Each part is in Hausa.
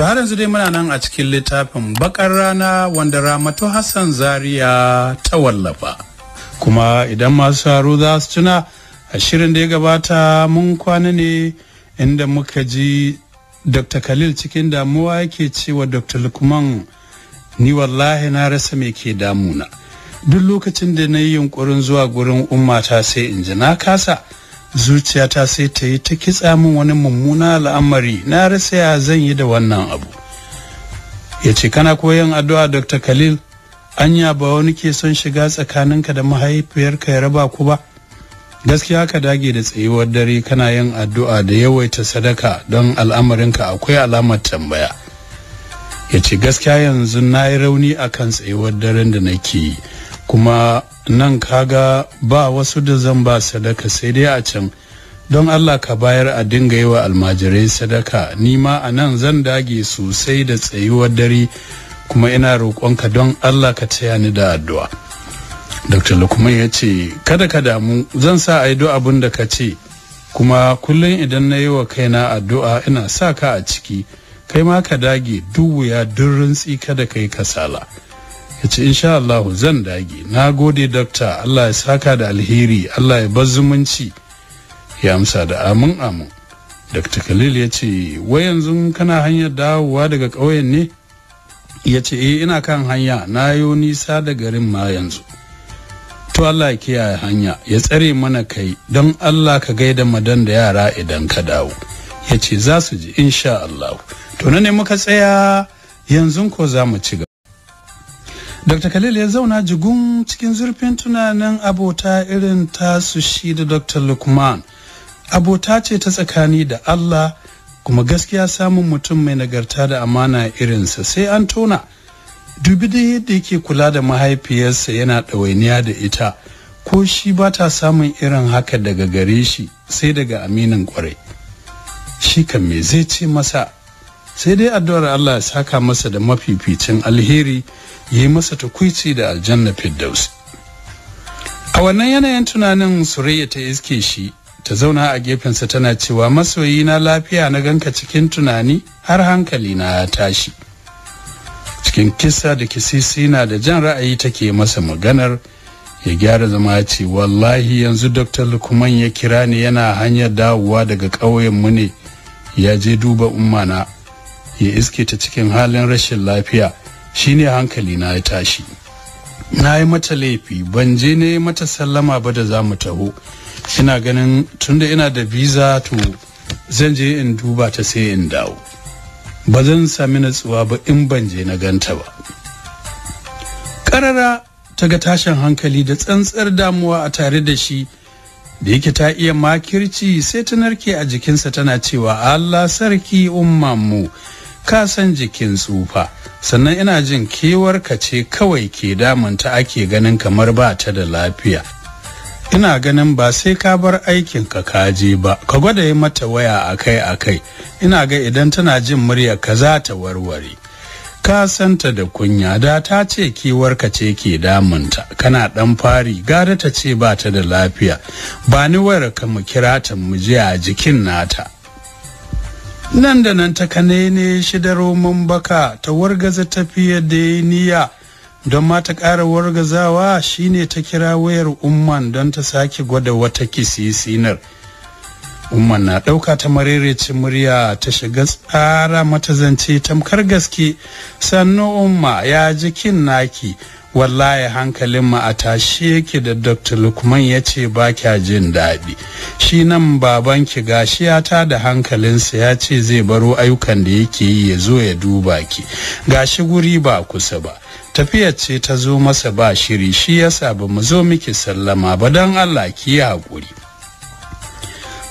To har yanzu dai muna nan a cikin littafin bakar rana wanda Ramatu Hassan Zaria ta wallafa. Kuma idan masu haru za su tuna a shirin da ya gabata mun kwana ne inda muka ji Dr. Khalil cikin damuwa yake cewa Dr. Lukman ni wallahi na rasa me ke damuna. Duk lokacin da na yi yunkurin zuwa gurin ummata sai in ji na kasa. zuciyata sai ta yi ta kitsa min wani mummuna al'amari na rasa ya zan yi da wannan abu ya ce kana koyon addu'a dr khalil anya ba wani ke son shiga tsakaninka da mahaifiyarka ya raba ku ba gaskiya ka dage da tsayuwar dare kana yin addu'a da yawaita sadaka don al'amarinka akwai alamar tambaya ya ce gaskiya yanzu na yi rauni akan tsayuwar daren da nake kuma nan kaga ba wasu da zan ba sadaka sai dai a can don Allah ka bayar a dinga yi wa almajirai sadaka ni ma a nan zan dage sosai da tsayuwar dare kuma ina roƙonka don Allah ka taya ni da addu'a Dr. Lukman ya ce kada ka damu zan sa a yi duk abin da ka ce kuma kullum idan na yi wa kaina addu'a ina sa ka a ciki kai ma ka dage duk wuya duk rintsi kada ka yi kasala. ya ce insha Allah zan dage na gode dokta Allah ya saka da alheri Allah ya bar zumunci ya amsa da amin amin dokta Khalil ya ce wai yanzu kana hanyar dawowa daga ƙauyen ne ya ce eh ina kan hanya na yo nisa da garin ma yanzu to Allah ya kiyaye hanya ya tsare mana kai don Allah ka gaida madan da yara idan ka dawo ya ce za su ji insha Allah to na ne muka tsaya yanzu ko za mu ci gaba Dr. Khalil ya zauna jigun cikin zurfin tunanin abota irin tasu shi da Dr. Lukman. Abota ce ta tsakani da Allah kuma gaskiya samun mutum mai nagarta da amana irinsa sai an tona. Dubi da yadda yake kula da mahaifiyarsa yana ɗawainiya da ita ko shi ba ta samun irin haka daga gare shi sai daga aminin kwarai. Shi kan me zai ce masa sai dai addu'ar Allah ya saka masa da mafificin alheri yi masa takwici da aljanna firdaus a wannan yanayin tunanin surayya ta iske shi ta zauna a gefensa tana cewa masoyi na lafiya na ganka cikin tunani har hankali na ya tashi cikin kisa da kisisi na da jan ra'ayi take masa maganar ya gyara zama ya ce wallahi yanzu dr lukman ya kira ni yana hanyar dawowa daga ƙauyen mu ne ya je duba umma na ya iske ta cikin halin rashin lafiya shine hankali na ya tashi na yi mata laifi ban je ne mata sallama ba da za mu taho ina ganin tunda ina da visa to zan je in duba ta sai in dawo ba zan sami natsuwa ba in ban je na ganta ba karara ta ga tashin hankali da tsantsar damuwa a tare da shi da yake ta iya makirci sai ta narke a jikinsa tana cewa Allah sarki ummanmu mu ka san jikin tsufa sannan ina jin kewar ka ce kawai ke damunta ake ganin kamar ba ta da lafiya ina ganin ba sai ka bar aikin ka kaje ba ka gwada yi mata waya akai akai ina ga idan tana jin murya ka za ta warware ka ta da kunya da ta ce kewar ka ce ke damunta kana dan fari gada ta ce ba ta da lafiya ba ni wayar ka mu kira ta mu je a jikin nata nan da nan ta kanene shidaro baka ta wargaza tafiya da ya niyya don ma ta ƙara wargazawa shine ta kira wayar umman don ta sake gwada wata kisisinar umman na ɗauka ta marairaici murya ta shiga tsara mata zance tamkar gaske sannu umma ya jikin naki wallahi hankalin mu a tashi yake da dr lukman ya ce ba kya jin daɗi shi nan baban ki gashi ya ta da hankalinsa ya ce zai baro ayyukan da yake yi ya zo ya duba ki gashi guri ba kusa ba tafiyar ce ta zo masa ba shiri shi sa ba mu zo miki sallama ba don allah ki yi haƙuri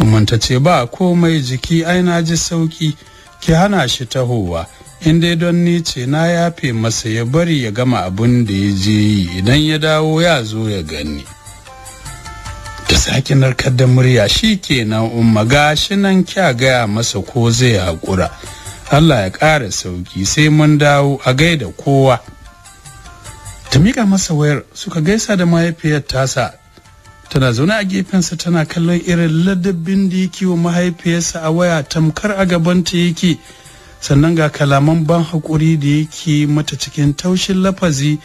umanta ce ba komai jiki ai na ji sauki ki hana shi tahowa in dai don ni ce na yafe masa ya bari ya gama abin da ya je yi idan ya dawo ya zo ya gani ta sake narkar da murya shi ke kenan umma gashi nan kya gaya masa ko zai haƙura allah ya ƙara sauki sai mun dawo a gaida kowa ta miƙa masa wayar suka gaisa da mahaifiyar tasa tana zaune a gefensa tana kallon irin ladabin da yake wa mahaifiyarsa a waya tamkar a gabanta yake sannan ga kalaman ban haƙuri da yake mata cikin taushin lafazi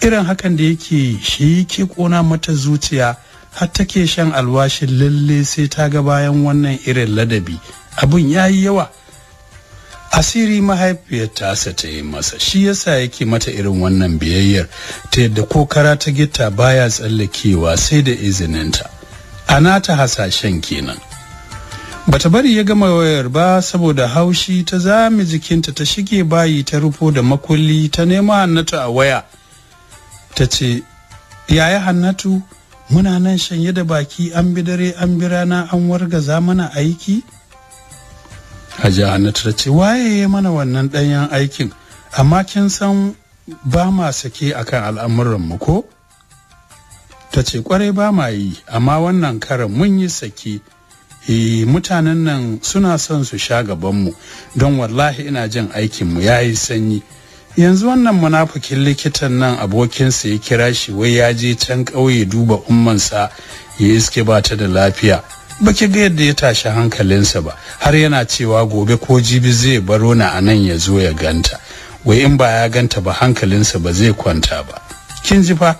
irin hakan da yake shi ke ƙona mata zuciya har take shan alwashin lalle sai ta ga bayan wannan irin ladabi abun ya yi yawa asiri mahaifiyarta tasa ta yi masa shi yasa yake mata irin wannan biyayyar ta yadda ko kara ta gitta baya tsallakewa sai da izininta a nata hasashen kenan bata bari ya gama wayar ba saboda haushi ta zame jikinta ta shige bayi ta rufo da makulli ta nema hannatu a waya ta ce yaya hannatu muna nan shanye da baki an bi dare an bi rana an wargaza mana aiki hajji hannatu ta ce waye ya mana wannan ɗanyen aikin amma kin san ba ma sake akan al'amuranmu ko ta ce kwarai ba ma yi amma wannan karan mun yi sake e mutanen nan suna son su sha gabanmu don wallahi ina jin aikinmu ya yi sanyi yanzu wannan munafukin likitan nan abokinsa ya kira shi wai ya je can ƙauye duba ummansa ya iske ba ta da lafiya baki ga yadda ya tashi hankalinsa ba har yana cewa gobe ko jibi zai baro na a ya zo ya ganta wai in ba ya ganta ba hankalinsa ba zai kwanta ba kin ji fa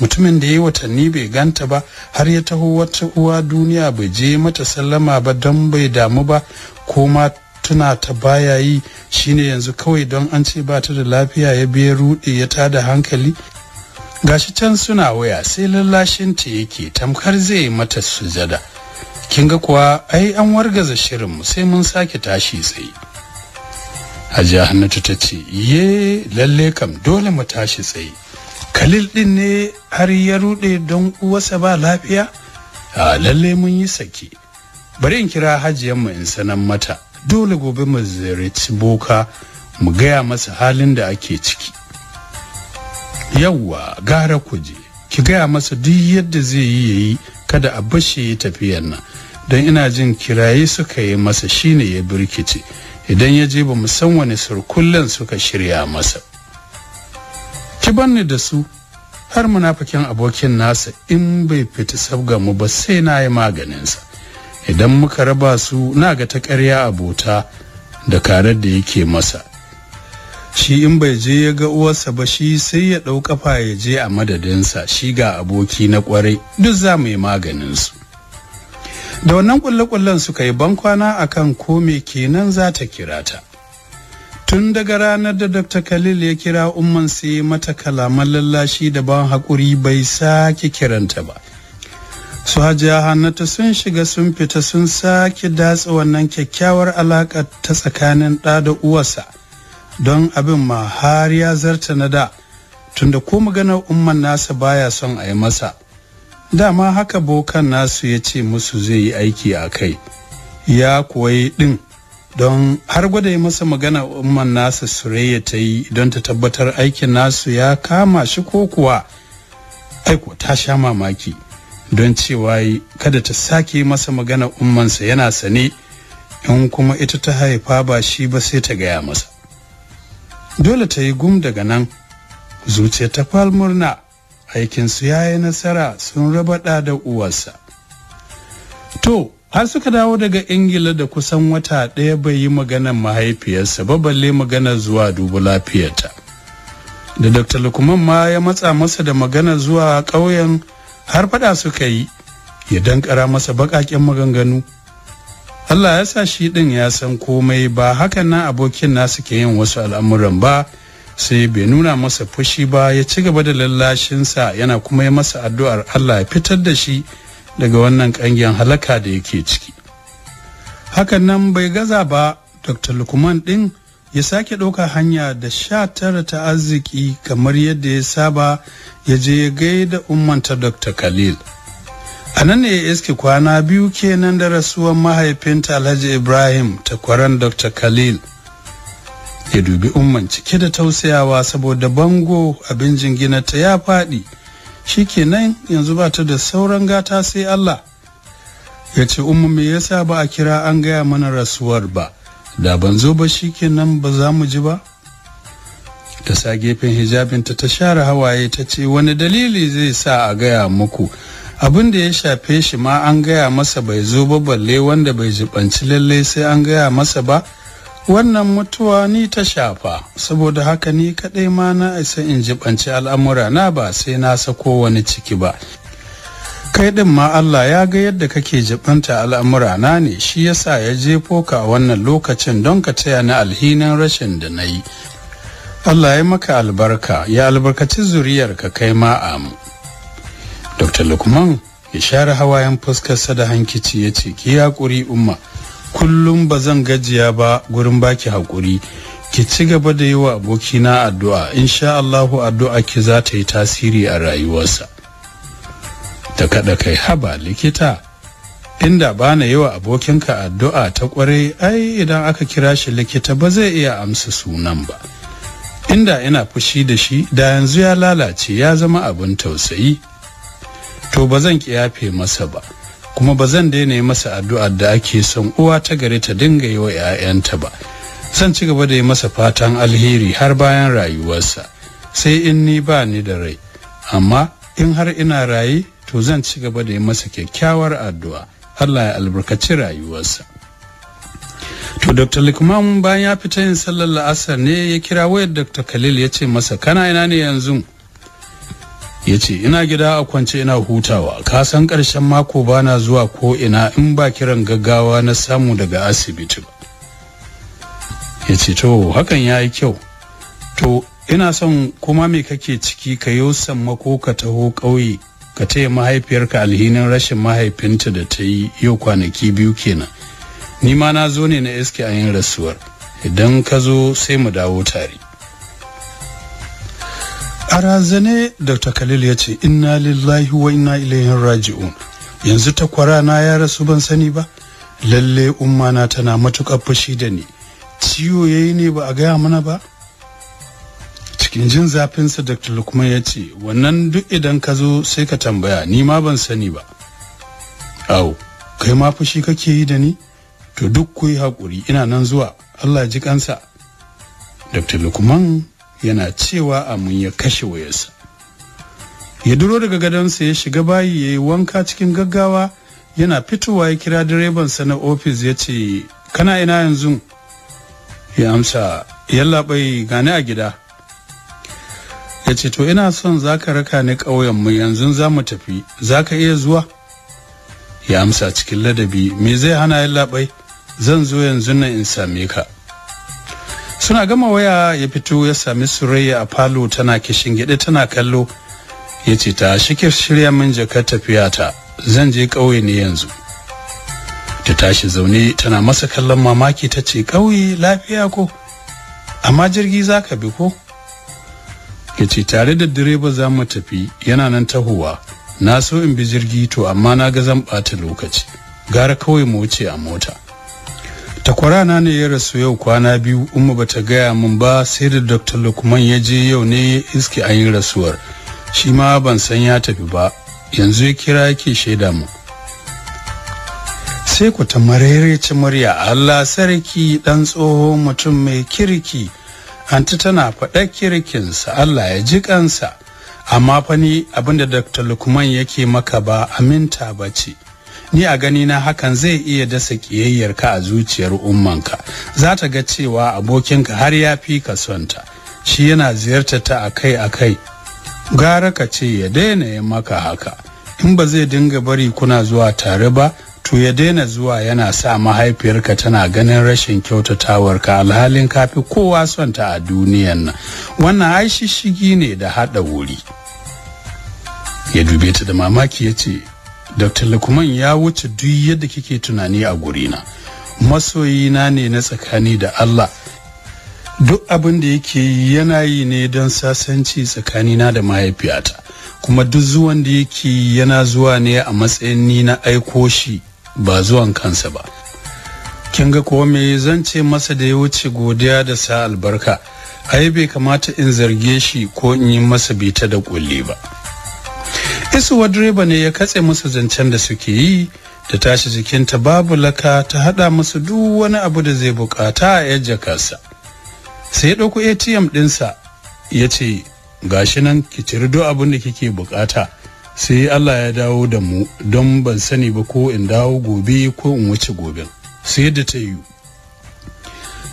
mutumin da ya watanni bai ganta ba har ya taho wata uwa duniya bai je mata sallama ba don bai damu ba ko ma tuna ta baya yi shine yanzu kawai don an ce ba ta da lafiya ya biya rude ya tada hankali gashi can suna waya sai lallashin ta yake tamkar zai mata sujada kin ga kuwa ai an wargaza shirin mu sai mun sake tashi tsaye hajiya hannatu ta ce ye lalle kam dole mu tashi tsaye Kalil din ne har ya rude don uwarsa ba lafiya? A lalle mun yi saki. Bari in kira hajiyan mu in sanan mata. Dole gobe mu ziyarci boka mu gaya masa halin da ake ciki. Yawwa gara ku je. Ki gaya masa duk yadda zai yi yayi kada a bashe tafiyar nan. Don ina jin kiraye suka yi masa shine ya birkice. Idan ya je ba mu san wani surkullen suka shirya masa. ki banni da su har munafikin abokin nasa in bai fita sabga mu ba sai na yi maganinsa idan muka raba su na ga ta ƙarya abota da karar da yake masa shi in bai je ya ga uwarsa ba shi sai ya ɗau kafa ya je a madadinsa shi ga aboki na ƙwarai duk za mu yi maganinsu da wannan ƙulle-ƙullen suka yi bankwana akan ko me kenan za ta kira ta tun daga ranar da dr khalil ya kira umman sai mata kalaman lallashi da ban hakuri bai sake kiranta ba su hajiya hannatu sun shiga sun fita sun sake datsa wannan kyakkyawar alaƙa ta tsakanin ɗa da uwarsa don abin ma har ya zarta na da tunda ko maganar umman nasa baya son a yi masa dama haka bokan nasu ya ce musu zai yi aiki a kai ya kuwa yi ɗin don har gwada yi masa magana umman nasa ya ta yi don ta tabbatar aikin nasu ya kama shi ko kuwa aiko ta sha mamaki don cewa kada ta sake masa magana ummansa yana sane in kuma ita ta haifa ba shi ba sai ta gaya masa dole ta yi gum daga nan zuciya ta murna, aikinsu ya yi nasara sun raba da uwarsa to har suka dawo daga ingila da kusan wata ɗaya bai yi maganar mahaifiyarsa ba balle maganar zuwa dubu lafiyarta da dr lukman ma ya matsa masa da magana zuwa ƙauyen har faɗa suka yi ya dankara masa baƙaƙen maganganu allah ya sa shi ɗin ya san komai ba hakan na abokin na suke yin wasu al'amuran ba sai bai nuna masa fushi ba ya ci gaba da lallashinsa yana kuma ya masa addu'ar allah ya fitar da shi daga wannan kangiyar halaka da yake ciki hakan nan bai gaza ba dr lukman ɗin ya sake ɗauka hanya da sha tara ta arziki kamar yadda ya saba ya je ya gaida ummanta dr khalil a nan ne ya iske kwana biyu kenan da rasuwar mahaifinta alhaji ibrahim ta takwaran dr khalil ya dubi umman cike da tausayawa saboda bango abin jingina ta ya faɗi shi kenan yanzu ba ta da sauran gata sai Allah ya ce umma me yasa ba a kira an gaya mana rasuwar ba da ban zo ba shi kenan ba za mu ji ba ta sa gefen hijabinta ta share hawaye ta ce wani dalili zai sa a gaya muku abin da ya shafe shi ma an gaya masa bai zo ba balle wanda bai jibanci lalle sai an gaya masa ba wannan mutuwa ni ta shafa saboda haka ni kaɗai ma na isa in jibanci al'amura na ba sai na sako wani ciki ba kai din ma Allah ya ga yadda kake jibanta al'amura na ne shi yasa ya jefo ka a wannan lokacin don ka taya ni alhinin rashin da na yi Allah ya maka albarka ya albarkaci zuriyar ka kai ma amu Dr. Lukman ya share hawayen fuskarsa da hankici ya ce ki hakuri umma kullum ba zan gajiya ba gurin baki haƙuri ki ci gaba da yi wa abokina addu'a insha Allahu addu'a ki za ta yi tasiri a rayuwarsa ta kaɗa kai haba likita inda ba na yi wa abokinka addu'a ta ƙwarai ai idan aka kira shi likita ba zai iya amsa sunan ba inda ina fushi da shi da yanzu ya lalace ya zama abin tausayi to ba zan ƙi masa ba kuma ba zan daina masa addu'ar da ake son uwa ta gare ta dinga yi wa 'ya'yanta ba zan ci gaba da yi masa fatan alheri har bayan rayuwarsa sai in ni ba ni da rai amma in har ina raye to zan ci gaba da yi masa kyakkyawar addu'a Allah ya albarkaci rayuwarsa to dr likman bayan ya fita yin sallar la'asar ne ya kira wayar dr khalil ya ce masa kana ina ne yanzu ya ce ina gida a kwance ina hutawa ka san ƙarshen mako bana zuwa ko ina in ba kiran gaggawa na samu daga asibiti ba ya ce to hakan ya yi kyau to ina son kuma me kake ciki ka yi mako ka taho ƙauye ka taya mahaifiyarka alhinin rashin mahaifinta da ta yi yau kwanaki biyu kenan ni ma na zo ne na iske a yin rasuwar idan ka zo sai mu dawo tare barazane dr khalil ya ce inna lillahi wa inna ilaihi raji'un yanzu takwara na ya rasu ban sani ba lalle umma na tana matukar fushi da ni ciwo yayi ne ba a gaya mana ba cikin jin zafinsa dr lukman ya ce wannan duk idan ka zo sai ka tambaya ni ma ban sani ba au kai ma fushi kake yi da ni to duk kuyi yi haƙuri ina nan zuwa allah ji kansa dr lukman yana cewa amin ya kashe wayarsa ya duro daga gadonsa ya shiga bayi ya yi wanka cikin gaggawa yana fitowa ya kira direbansa na ofis ya ce kana ina yanzu ya amsa labai, gani a gida ya ce to ina son za ka raka ni ƙauyenmu yanzu za mu tafi za ka iya zuwa ya amsa cikin ladabi me zai hana yallaɓai zan zo yanzu na in same ka suna gama waya ya fito ya sami surayya a falo tana kishin gyaɗe tana kallo ya ce ta shikir shirya min jakar tafiya ta zan je ƙauye ne yanzu ta tashi zaune tana masa kallon mamaki ta ce ƙauye lafiya ko amma jirgi za ka bi ko ya ce tare da direba za mu tafi yana nan tahowa na so in bi jirgi to amma na ga zan ɓata lokaci gara kawai mu wuce a mota takwarana ne ya rasu yau kwana biyu umma bata gaya min ba sai da dr lukman ya je yau ne iske an yi rasuwar shi ma ban san ya tafi ba yanzu ya kira yake shaida mu sai ku ta ci murya allah sarki dan tsoho mutum mai kirki anti tana faɗa kirkinsa allah ya ji kansa amma fa ni abinda dr lukman yake maka ba aminta ba ce ni a gani na hakan zai iya dasa ƙiyayyar ka a zuciyar ummanka za ta ga cewa abokinka har ya fi ka sonta shi yana ziyartar ta akai akai gara ka ce ya daina yin maka haka in ba zai dinga bari kuna zuwa tare ba to ya daina zuwa yana sa mahaifiyarka tana ganin rashin kyautatawar ka alhalin kafi kowa sonta a duniyan nan wannan ai shishigi ne da haɗa wuri ya dube ta da mamaki ya ce Dr. Lukman ya wuce duk yadda kike tunani a gurina. Masoyina ne na tsakani da Allah. Duk abin da yake yana yi ne don sasanci tsakanina da mahaifiyata. Kuma duk zuwan da yake yana zuwa ne a matsayin ni na aiko shi ba zuwan kansa ba. Kin ga kuwa me zan ce masa da ya wuce godiya da sa albarka. Ai bai kamata in zarge shi ko in yi masa bita da kulli ba. isuwa direba ne ya katse musu zancen da suke yi ta tashi jikinta babu laka ta hada musu duk wani abu da zai bukata a yar jakarsa sai ya ɗauko atm ɗinsa ya ce gashi nan ki ciri duk abin da kike bukata sai allah ya dawo da mu don ban sani ba ko in dawo gobe ko in wuce gobe sai da ta yi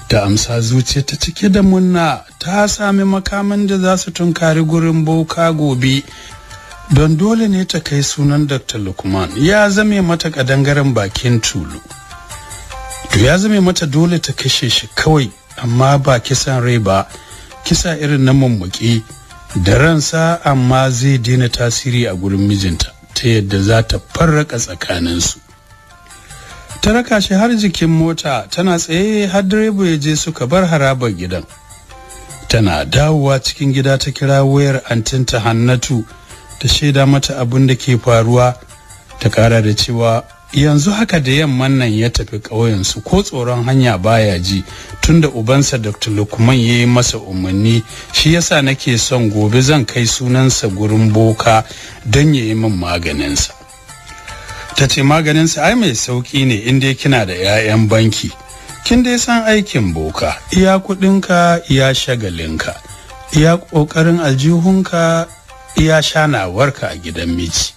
ta amsa zuciya ta cike da murna ta sami makaman da za su tunkari gurin boka gobe don dole ne ta kai sunan dr lukman ya zame mata kadangaren bakin tulu to ya zame mata dole ta kashe shi kawai amma ba kisan rai ba kisa irin na mummuki da ransa amma zai daina tasiri a gurin mijinta ta yadda za ta farraka tsakaninsu ta raka shi har jikin mota tana tsaye har direba ya je suka bar harabar gidan tana dawowa cikin gida ta kira wayar antinta hannatu ta shaida mata abin da ke faruwa ta kara da cewa yanzu haka da yamman nan ya tafi ƙauyensu ko tsoron hanya baya ji tunda ubansa dr lukman ya yi masa umarni shi yasa nake son gobe zan kai sunansa gurin boka don ya yi min maganinsa ta ce maganinsa ai mai sauki ne in kina da 'ya'yan banki kin dai san aikin boka iya kuɗinka iya shagalinka iya ƙoƙarin aljihunka iya warka a gidan miji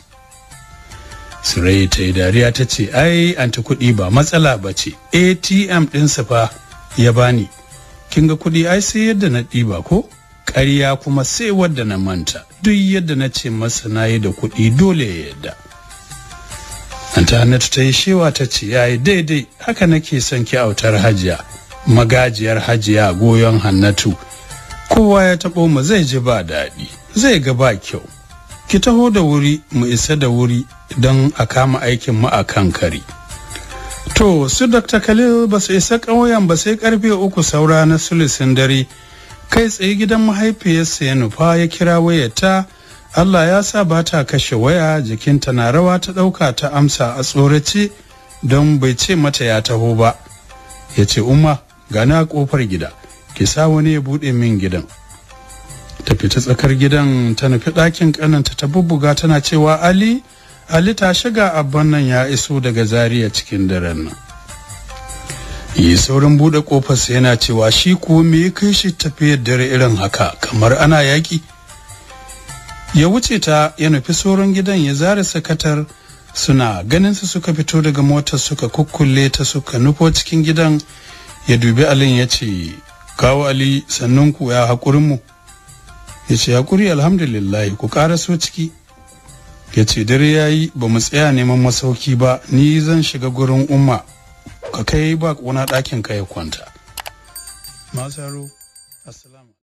sirai ta yi dariya ta ce ai anti kuɗi ba matsala ba ce atm ɗinsa fa ya bani kin ga kuɗi ai sai yadda na ɗiba ko ƙarya kuma sai wadda na manta duk yadda na ce masa na yi da kuɗi dole ya yadda Antanatu ta yi shewa ta ce ya yi daidai haka nake son ki autar hajiya magajiyar hajiya goyon hannatu kowa ya taɓo mu zai ji ba daɗi zai ga ba kyau ki taho da wuri mu isa da wuri don a kama aikin mu a kan kari to su dr khalil ba su isa ƙauyen ba sai karfe uku saura na sulisin dare kai tsaye gidan mahaifiyarsa ya nufa ya kira wayarta allah ya sa ba ta kashe waya jikinta na rawa ta ɗauka ta amsa a tsorace don bai ce mata ya taho ba ya ce umma gana kofar gida ki sa wani ya buɗe min gidan ta fita tsakar gidan ta nufi ɗakin ƙananta ta bubbuga tana cewa ali ali ta shiga abban nan ya iso daga zariya cikin daren nan yi saurin buɗe ƙofarsa yana cewa shi ko me ya kai shi tafiyar dare irin haka kamar ana yaƙi ya wuce ta ya nufi sauran gidan ya zara sakatar suna ganin su suka fito daga motar suka kukkule ta suka nufo cikin gidan ya dubi alin ya ce kawo ali sannan ku ya haƙurinmu mu ya ce hakuri alhamdulillahi ku kara so ciki ya ce dare ya yi ba mu tsaya neman masauki ba ni zan shiga gurin umma ka kai ba kuna ɗakin ka ya kwanta masaro